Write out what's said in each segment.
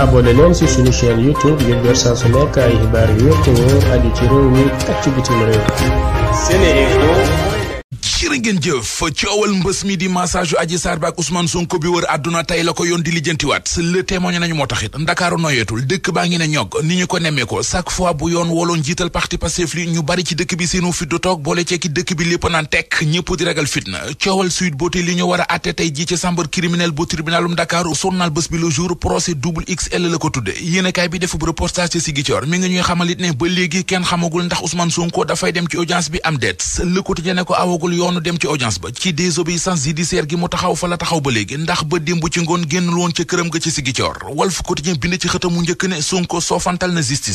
abonné leen ci suñu chaîne YouTube ngir door saa ay xibaar yu wér te wóor aju ci réew mi ak ci jërë ngeen jëf coowal mbës mi di massage Adji Sarr bi ak Ousmane Sonko bi wër àdduna tey la ko yoon di lijjantiwaat le témoin nañu moo taxit ndakaaru noyeetul dëkk baa ngi ne ñog ni ñu ko nemmee ko chaque fois bu yoon woloon jiital parti Pastef li ñu bari ci dëkk bi seenu fit du toog boole ceeki dëkk bi lépp naan tekk ñëpp di ragal fitna coowal Sweet Beauté li ñu war a atte tey ji ci chambre criminelle bu tribunalum Dakar journal bés bi le jour procès kenn xamagul ndax Ousmane Sonko dafay dem ci bi am amagul yoonu dem ci audience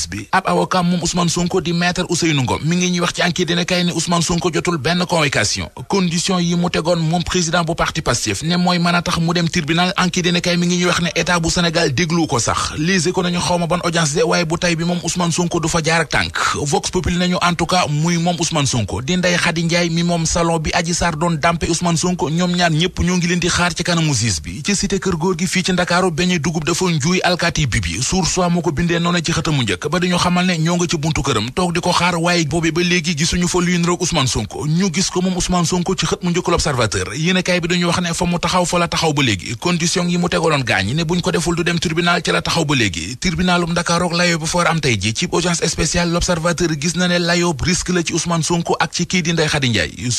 bi ab avocat yi mu tegoon moom président bu parti Pastef ne mooy mën a tax mu dem tribunal enquête dina kay ngi wax ne état bu Sénégal déglu ko sax lise ko nañu xawma ban audience de waaye bu tay bi moom Ousmane Sonko du fa jaar ak tànk Vox Populi nañu en muy moom Ousmane Sonko di Ndeye Khady Ndiaye mi moom salon bi Adji Sarr doon dàmpe Ousmane Sonko ñoom ñaar ñëpp ñoo ngi leen di xaar ci kanamu justice bi ci cité kër góor gi fii ci Ndakaaru beñe dugub dafa njuuy alkaati bi bi suur soi moo ko bindee noonu ci xëtamu njëkk ba dañu xamal ne ñoo nga ci buntu këram toog di ko xaar waaye boobe ba léegi gisuñu fa luy niroog Ousmane Sonko ñu gis ko moom Ousmane Sonko ci xët mu njëkk l'Observateur yéenekaay bi dañu wax ne fa mu taxaw fa la taxaw ba léegi condition yi mu tegaloon gaañ ne buñ ko deful du dem tribunal ci la taxaw ba léegi tribunalum Ndakaarook am tey ji ci audience spéciale l'Observateur gis na ne layoo risque la ci Ousmane Sonko ak ci kii di Ndeye Ndiaye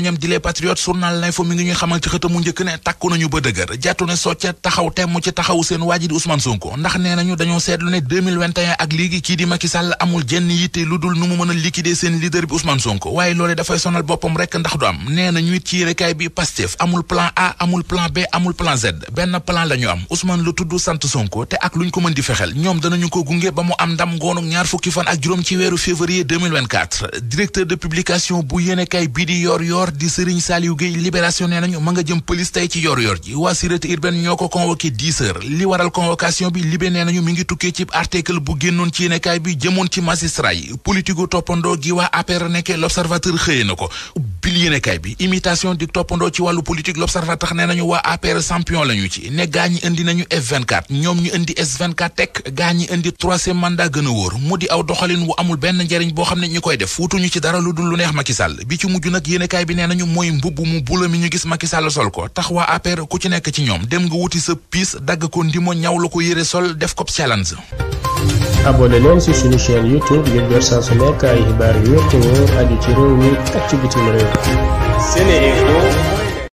ñoñam di les patriotes journal l'info mi ngi ñuy xamal ci xët mu njëkk ne takku nañu ba dëgër jàttu ne socca taxaw temm ci taxawu seen waaji di Ousmane Sonko ndax nee nañu dañoo seetlu ne ak léegi kii di Macky amul jenn yitte lu dul nu mu mën liquider seen leader bi Ousmane Sonko waaye loolee dafay sonal boppam rek ndax du am nee na ñuy ci rekaay bi Pastef amul plan A amul plan B amul plan Z benn plan la ñu am Ousmane lu tudd sant Sonko te ak luñ ko mën di fexel ñoom danañu ko gunge ba mu am ndam ngoonu ñaar fukki fan ak juróom ci weeru février 2024 directeur de publication bu yéenekaay yor di Serigne Saliou Gueye libération nee nañu mu nga jëm police tey ci yor yor ji waa sûreté urbaine ñoo ko convoqué dix heures li waral convocation bi libé nee nañu mi ngi tukkee ci article bu génnoon ci yéenekaay bi jëmoon ci magistrat yi toppandoo gi waa APR nekkee l'observateur xëyee na ko bil yéenekaay bi imitation di toppandoo ci wàllu politique l'observateur nee nañu waa APR champion la ci ne gaa indi nañu F24 ñoom ñu indi S24 bi nee nañu mooy mbubb mu bula mi ñu gis Macky Sall sol ko tax waa APR ku ci nekk ci ñoom dem nga wuti sa piis dagg ko ndimo ñaw la ko yére sol def ko challenge. abonné leen si suñu chaîne YouTube ngir jot saa su nekk ay xibaar yu wér te wóor aju ci réew mi ak ci réew.